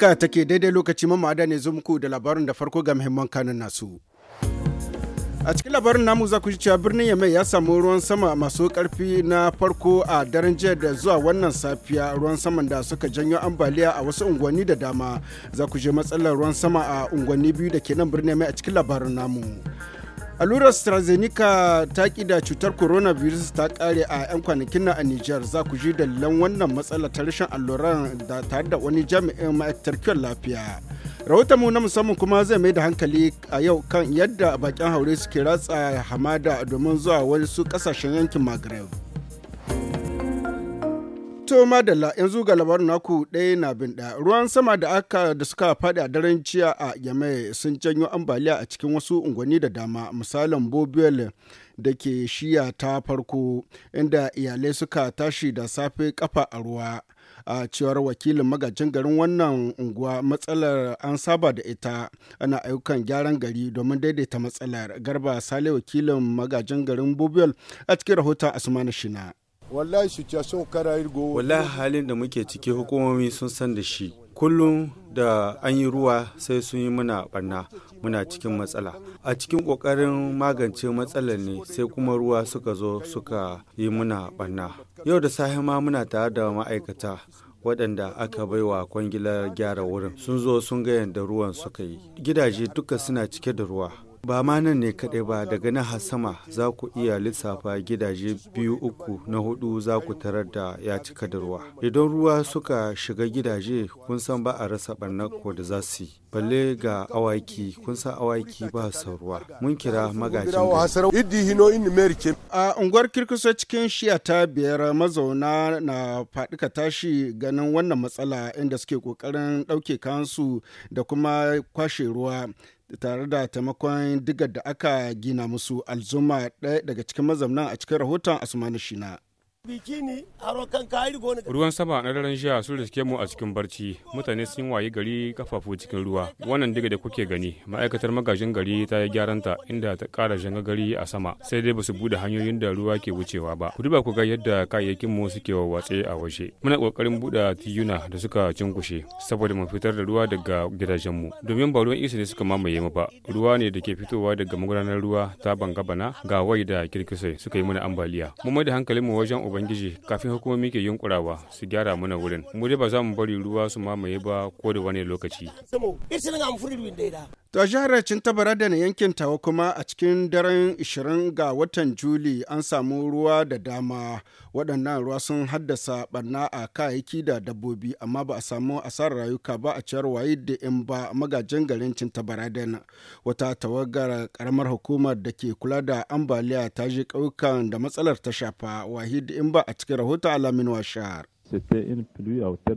Haka take daidai lokaci mamada ne zo muku da labarin da farko ga muhimman kanun nasu. A cikin labarin namu za ku ji cewa birnin Yamai ya samu ruwan sama masu karfi na farko a daren jiya da zuwa wannan safiya ruwan saman da suka janyo ambaliya a wasu unguwanni da dama. Za ku je matsalar ruwan sama a unguwanni biyu da ke nan birnin Yemen a cikin labarin namu. allurar strazenica ta da cutar coronavirus ta ƙare a 'yan kwanakin na a niger za ku ji dalilan wannan matsala ta rashin alluran da tare da wani jami'in ma'aikatar kiwon lafiya rahoton mu na musamman kuma zai mai da hankali a yau kan yadda bakin haure suke ratsa hamada domin zuwa wasu kasashen yankin maghreb To madalla yanzu ga labarin naku ɗaya na bin ɗaya ruwan sama da aka da suka faɗi a daren jiya a Yamai sun janyo ambaliya a cikin wasu unguwanni da dama misalin Bobiel da ke shiya ta farko inda iyalai suka tashi da safe kafa a ruwa. a cewar wakilin magajin garin wannan unguwa matsalar an saba da ita ana ayyukan gyaran gari domin daidaita matsalar garba sale wakilin magajin garin Bobiel a cikin rahoton asmanu shina wallahi halin da muke ciki hukumomi sun san da shi kullum da an yi ruwa sai sun yi muna barna muna cikin matsala a cikin ƙoƙarin magance matsalar ne sai kuma ruwa suka zo suka yi muna barna yau da safe ma muna tare da ma'aikata waɗanda aka baiwa kwangilar gyara wurin sun zo sun ga yadda ruwan suka yi gidaje duka suna cike da ruwa Ba ma nan ne kaɗai ba daga na hasama za ku iya lissafa gidaje biyu uku na hudu za ku tarar da ya cika da ruwa. Idan ruwa suka shiga gidaje kun san ba a rasa barnar ko da za su yi. Balle ga awaki kun san awaki ba su ruwa. Mun kira magajin A unguwar kirkusa cikin shiya ta biyar mazauna na faɗika tashi ganin wannan matsala inda suke ƙoƙarin ɗauke kansu da kuma kwashe ruwa tare da taimakon digar da aka gina musu alzuma ɗaya daga cikin mazaunan a cikin rahoton asmanu shina. Ruwan sama na daren jiya sun riske mu a cikin barci, mutane sun waye gari kafafu cikin ruwa. Wannan diga da kuke gani, ma'aikatar magajin gari ta yi gyaranta inda ta ƙara janga gari a sama, sai dai basu bude hanyoyin da ruwa ke wucewa ba. Ku duba ku ga yadda kayayyakin mu suke watse a waje. Muna kokarin buɗe tiyuna da suka cinkushe saboda mu fitar da ruwa daga gidajen mu. Domin ba ruwan isa ne suka mamaye mu ba, ruwa ne da ke fitowa daga magudanar ruwa ta bangabana ga wai da kirkisai suka yi mana ambaliya. Mu mai da hankalin mu wajen ubangiji kafin hukumomi ke yunkurawa su gyara mana wurin mu dai ba za mu bari ruwa su mamaye ba ko da wani lokaci To jihar Cintabara da na yankin tawa kuma a cikin daren 20 ga watan Juli an samu ruwa da dama. Waɗannan ruwa sun haddasa barna a kayayyaki da dabbobi amma ba a samu asarar rayuka ba a ciyar waye da in ba magajin garin Cintabara da wata tawagar karamar hukumar da ke kula da ambaliya ta je ƙauyukan da matsalar ta shafa wahid in ba a cikin rahoton alamin washar.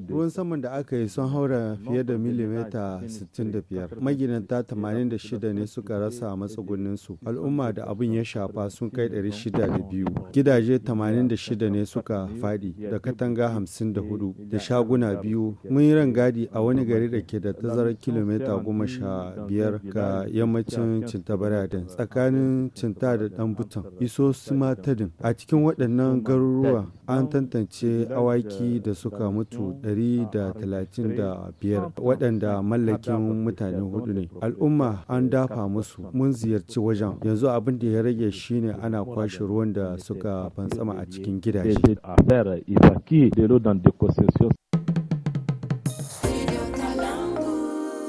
Ruwan saman da aka yi sun haura fiye da milimita 65. Maginanta 86 ne suka rasa matsugunninsu. Al'umma da abin ya shafa sun kai 602. Gidaje 86 ne suka faɗi da katanga 54 da shaguna biyu. Mun yi rangadi a wani gari da ke da tazarar kilomita 15 ga yammacin Cintabaraden tsakanin Cinta da dan butan. Iso Simatadin. A cikin waɗannan garuruwa an tantance awaki gonaki da suka mutu 135 waɗanda mallakin mutane hudu ne al'umma an dafa musu mun ziyarci wajen yanzu abin da ya rage shine ana kwashe ruwan da suka fantsama a cikin gidaje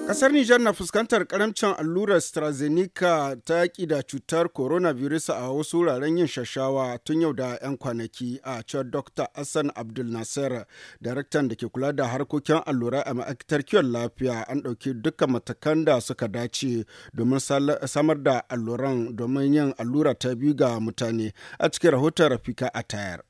Kasar Nijar na fuskantar karamcin allurar strazenika ta yaƙi da cutar coronavirus a wasu wuraren yin shashawa tun yau da 'yan kwanaki a cewar Dr. Hassan Abdul Nasser, daraktan da ke kula da harkokin allura a ma'aikatar kiwon lafiya an ɗauki dukkan matakan da suka dace domin samar da alluran domin yin allura ta biyu ga mutane a cikin rahoton Rafika tayar.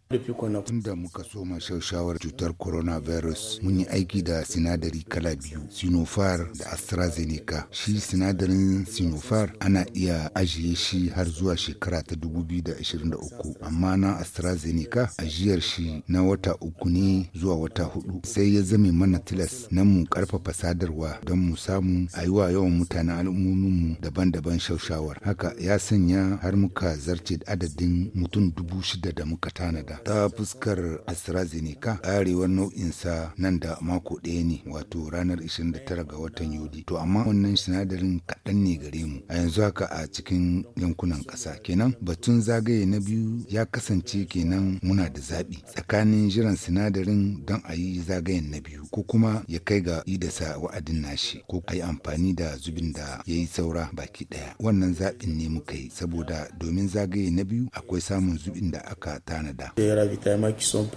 Tun da muka soma shawarar cutar coronavirus mun yi aiki da sinadari kala biyu, Sinofar da AstraZeneca. Shi sinadarin Sinofar ana iya ajiye shi har zuwa shekara ta 2023, amma na AstraZeneca ajiyar shi na wata uku ne zuwa wata hudu. Sai ya zame mana tilas na mu karfafa sadarwa don mu samu a yi wa yawan mutanen al'ummominmu daban-daban shawarar. Haka ya sanya har muka zarce adadin mutum dubu shida da muka tanada. Canada ta fuskar AstraZeneca nau'in nau'insa nan da mako ɗaya ne wato ranar 29 ga watan Yuli. To amma wannan sinadarin kaɗan ne gare mu a yanzu haka a cikin yankunan ƙasa kenan batun zagaye na biyu ya kasance kenan muna da zaɓi tsakanin jiran sinadarin don a yi zagayen na biyu ko kuma ya kai ga yi da sa wa'adin nashi ko a yi amfani da zubin da ya yi saura baki ɗaya wannan zaɓin ne muka yi saboda domin zagaye na biyu akwai samun zubin da aka tanada. ravitaillement son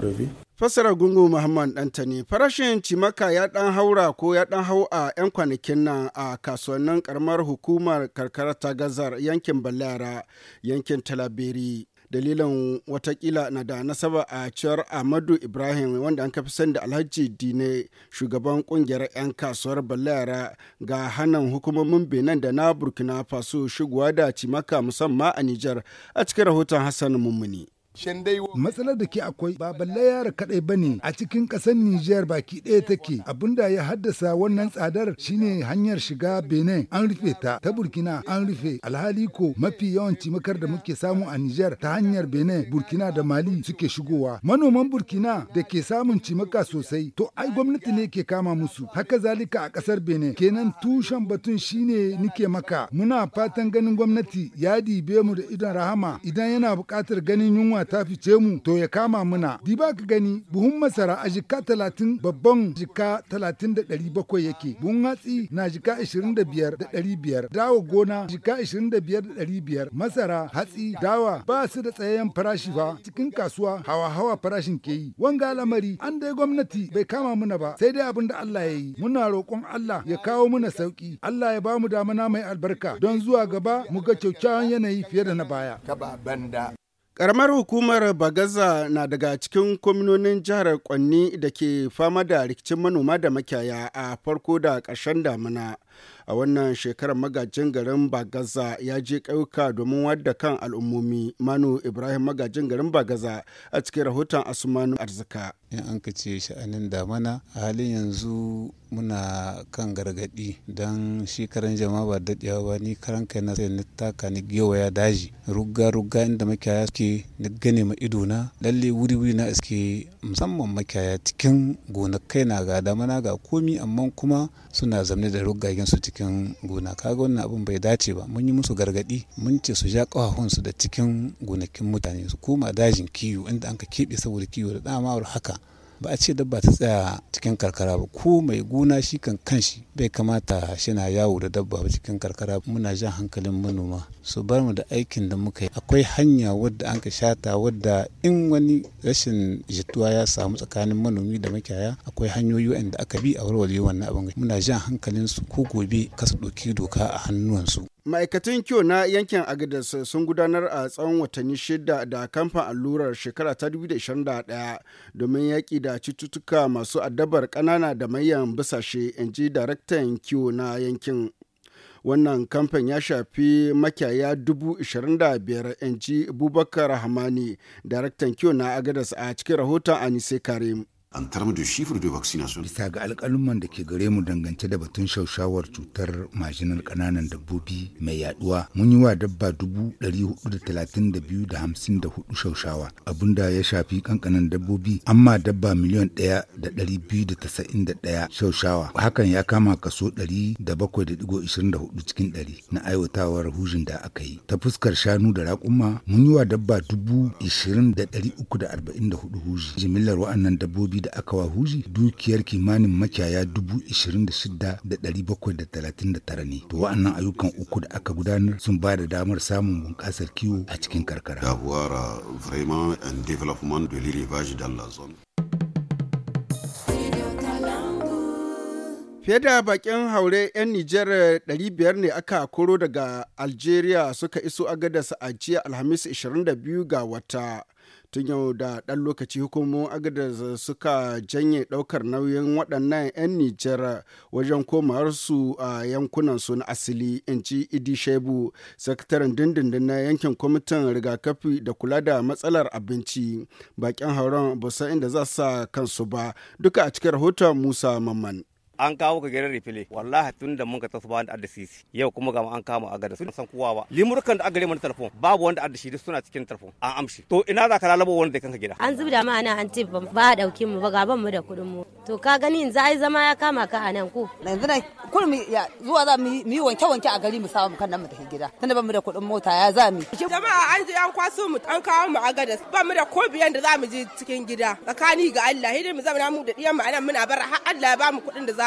Fassara Gungu Muhammad Dantani farashin cimaka ya dan haura ko ya dan hau a 'yan kwanakin nan a kasuwannin karamar hukumar karkara ta gazar yankin Balara yankin Talabiri. Dalilin watakila na da nasaba a cewar Ahmadu Ibrahim wanda an kafi sanda Alhaji Dine shugaban kungiyar 'yan kasuwar Balara ga hannun hukumomin Benin da na Burkina Faso shigowa da cimaka musamman a Nijar a cikin rahoton Hassan Mummuni. Matsalar da ke akwai ba balle yara kadai ba ne a cikin ƙasar Nijar baki ɗaya take abinda ya haddasa wannan tsadar shine hanyar shiga Benin an rufe ta ta Burkina an rufe alhali ko mafi yawanci makar da muke samu a Nijar ta hanyar Benin Burkina da Mali suke shigowa. Manoman Burkina da ke samun cimaka sosai to ai gwamnati ne ke kama musu haka zalika a kasar Benin kenan tushen batun shine nike maka muna fatan ganin gwamnati ya dibe mu da idon rahama idan yana bukatar ganin yunwa ta fice mu to ya kama muna. Diba ka gani buhun masara a jika talatin babban jika talatin da ɗari bakwai yake. Buhun hatsi na jika ashirin da biyar da ɗari biyar. Dawa gona jika ashirin da biyar da ɗari biyar. Masara hatsi dawa ba su da tsayayyen farashi ba. cikin kasuwa hawa-hawa farashin ke yi. Wanga lamari an dai gwamnati bai kama muna ba sai dai abin da Allah ya yi. Muna roƙon Allah ya kawo muna sauƙi. Allah ya ba mu damana mai albarka don zuwa gaba mu ga kyaukyawan yanayi fiye da na baya. Kaba banda. Ƙaramar hukumar Bagaza na daga cikin kwaminonin jihar Kwanni da ke fama da rikicin manoma da makiyaya a farko da ƙarshen damina. a wannan shekarar magajin garin bagaza ya je ƙauka domin wadda kan al'ummomi manu ibrahim magajin garin bagaza a cikin rahoton asumanu arzika in an ka ce sha'anin damana a halin yanzu muna kan gargadi don shi karan jama ba daɗewa ba ni karan kai na sai ni taka ni ya daji rugga rugga inda makiyaya suke ni gane ma ido na lalle wuri wuri na iske musamman makiyaya cikin gonakai na ga damana ga komi amma kuma suna zamne da rugga su cikin cikin gona kaga wannan abun bai dace ba mun yi musu gargadi mun ce su ja su da cikin gonakin mutane su koma dajin kiwo inda an ka keɓe saboda kiwo da dama haka ba a ce dabba ta tsaya cikin karkara ba ko mai gona shi kan kanshi bai kamata shi na yawo da dabba ba cikin karkara muna jan hankalin manoma su bar mu da aikin da muka yi akwai hanya wadda an ka shata wadda in wani rashin jituwa ya samu tsakanin manomi da makiyaya akwai hanyoyi wanda aka bi a warware wannan abin muna jan hankalin su ko gobe kasa ɗauki doka a hannuwansu ma'aikatan kyau na yankin agadas sun gudanar a tsawon watanni shida da kamfan allurar shekara ta 2021 domin yaƙi da cututtuka masu addabar ƙanana da mayan bisashe in ji daraktan kyau na yankin wannan kamfan ya shafi makiyaya 25,000 in ji bubakar hamani daraktan kyau na agadas a cikin rahoton anise karim an tarmu da chiffre de vaccination. Bisa ga alƙaluman da ke gare mu dangance da batun shaushawar cutar majinar ƙananan dabbobi mai yaduwa mun yi wa dabba dubu ɗari hudu da talatin da biyu da hamsin da hudu shaushawa abinda ya shafi kankanan dabbobi amma dabba miliyon ɗaya da ɗari biyu da tasa'in da ɗaya shaushawa hakan ya kama kaso ɗari da bakwai da digo ishirin da hudu cikin ɗari na aiwatawar hujin da aka yi ta fuskar shanu da raƙuma mun yi wa dabba dubu ishirin da ɗari uku da arba'in da hudu huji jimillar wa'annan dabbobi harbi da aka wahuzi dukiyar kimanin makiyaya dubu ishirin da shida da ɗari bakwai da talatin da tara ne to wa'annan ayyukan uku da aka gudanar sun ba da damar samun bunƙasar kiwo a cikin karkara. D'avoir vraiment un développement de l'élevage dans la zone. Fiye da bakin haure 'yan Nijar 500 ne aka koro daga Algeria suka iso agadarsa a jiya Alhamis 22 ga wata. tun yau da ɗan lokaci hukumomin agadar suka janye ɗaukar nauyin waɗannan 'yan nijar wajen su a yankunan su na asili in ji idi shebu sakataren dindindin na yankin kwamitin rigakafi da kula da matsalar abinci bakin hauron ba inda za sa kansu ba duka a cikin rahoton musa mamman an kawo ka garin rifile wallahi tun da mun ka tasu ba da sisi yau kuma ga an kama agada sun san kowa ba limurkan da agare mun telefon babu wanda adda shi suna cikin telefon an amshi to ina za ka lalabo wanda da kanka gida an zubda da ana an tip ba dauke mu ba gaban mu da kudin mu to ka gani yanzu ai zama ya kama ka a nan ku yanzu dai kurmi ya zuwa za mu yi wanke wanke a gari mu samu kan nan mu tafi gida tunda ba mu da kudin mota ya za mu jama'a an je an kwaso mu an kawo mu agada ba mu da ko biyan da za mu je cikin gida tsakani ga Allah hidin mu zama mu da diyan mu anan muna bar har Allah ya ba mu kudin da za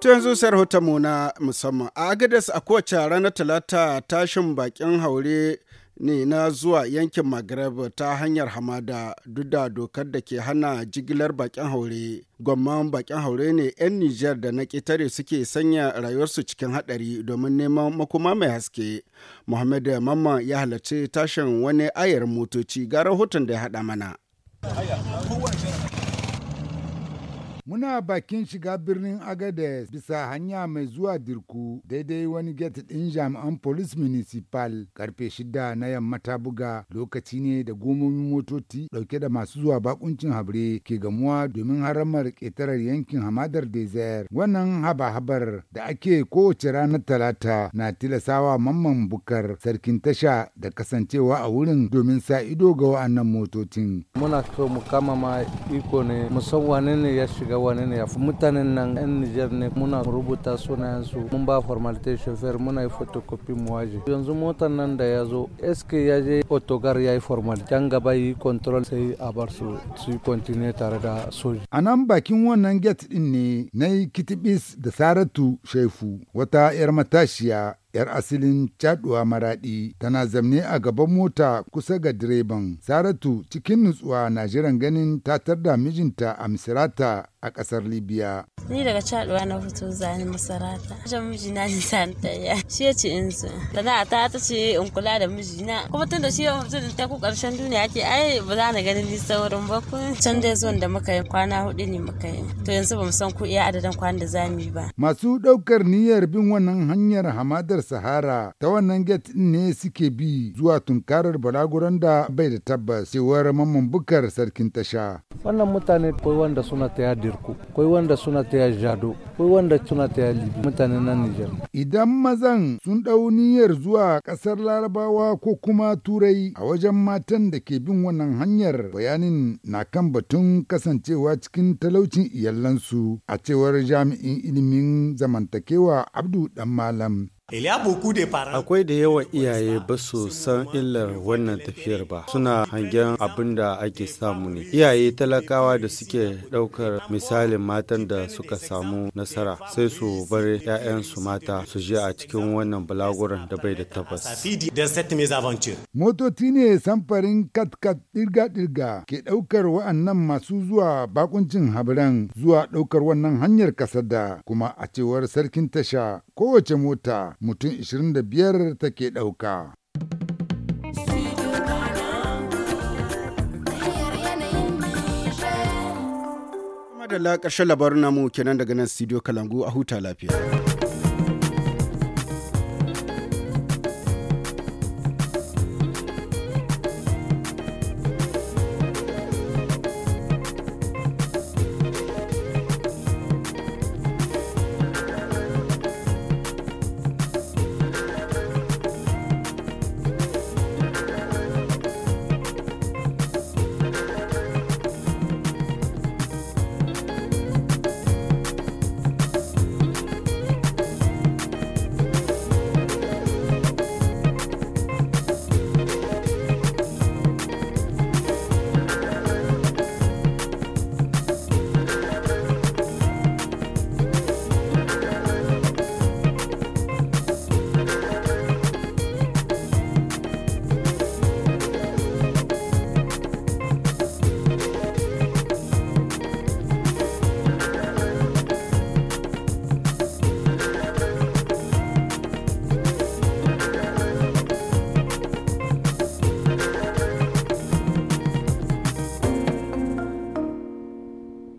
To yanzu sai mu na musamman. A Agadez a kowace ranar Talata tashin bakin haure ne na zuwa yankin Maghreb ta hanyar hamada duk da dokar da ke hana jigilar bakin haure. Gwamman bakin haure ne 'yan Nijar da na ƙetare suke sanya rayuwarsu cikin haɗari domin neman makoma mai haske. Muhammad Mamman ya halarci tashin wani ayar motoci ga rahoton da ya haɗa mana. Muna bakin shiga birnin agadez bisa hanya mai zuwa Dirku daidai wani get ɗin jami'an Police Municipal karfe shida na yamma ta buga lokaci ne da gomomin motoci ɗauke da masu zuwa bakuncin habre ke gamuwa domin haramar ƙetarar yankin hamadar dezer. Wannan haba-habar da ake kowace ranar Talata na tilasawa mamman bukar sarkin tasha da kasancewa a wurin domin sa ido ga wa'annan motocin. Muna so mu kama ma iko ne musamman ne ya shiga wani ne mutanen nan yan Nijar ne muna rubuta sunayen su mun ba formalite chauffeur muna yi photocopy mu waje yanzu motar nan da ya zo eske ya je otogar ya yi formal can gaba yi control sai a bar su su continue tare da soji a nan bakin wannan gate din ne na yi kitibis da saratu shaifu wata yar matashiya 'yar asilin caduwa maradi tana zamne a gaban mota kusa ga direban saratu cikin nutsuwa na jiran ganin tatar da mijinta a misirata a ƙasar libya ni daga caduwa na fito zani masarata wajen mijina ni san tayya shi ya ce insu Da na ta ta ce in kula da mijina kuma tun da shi ya mutum ta ku karshen duniya ke ai ba za na ganin ni saurin ba ku can dai zuwan da muka yi kwana hudu ne muka yi to yanzu ba mu san ku iya adadin kwana da za ba. masu ɗaukar niyyar bin wannan hanyar hamadar sahara ta wannan get ne suke bi zuwa tunkarar balaguran da bai da tabbas cewar mamman bukar sarkin tasha. wannan mutane koi wanda suna taya dirku koi wanda suna ta jado akwai wanda suna ta libi mutanen nan nijar idan mazan sun ɗau niyyar zuwa ƙasar larabawa ko kuma turai a wajen matan da ke bin wannan hanyar bayanin na kan batun kasancewa cikin talaucin iyalansu a cewar jami'in ilimin zamantakewa abdu dan malam Akwai da yawan iyaye ba su san illar wannan tafiyar ba, suna hangen abin da ake samu ne. Iyaye talakawa da suke ɗaukar misalin matan da suka samu nasara sai su bar 'ya'yansu mata su je a cikin wannan balaguran da bai da tabbas. Motoci ne samfarin katkat ɗirga-ɗirga ke ɗaukar wa'annan masu zuwa bakuncin habiran zuwa ɗaukar wannan hanyar kasada kuma a cewar sarkin tasha kowace mota mutum 25 take ɗauka. Madalla ƙarshen labarin namu kenan daga nan studio Kalangu a huta lafiya.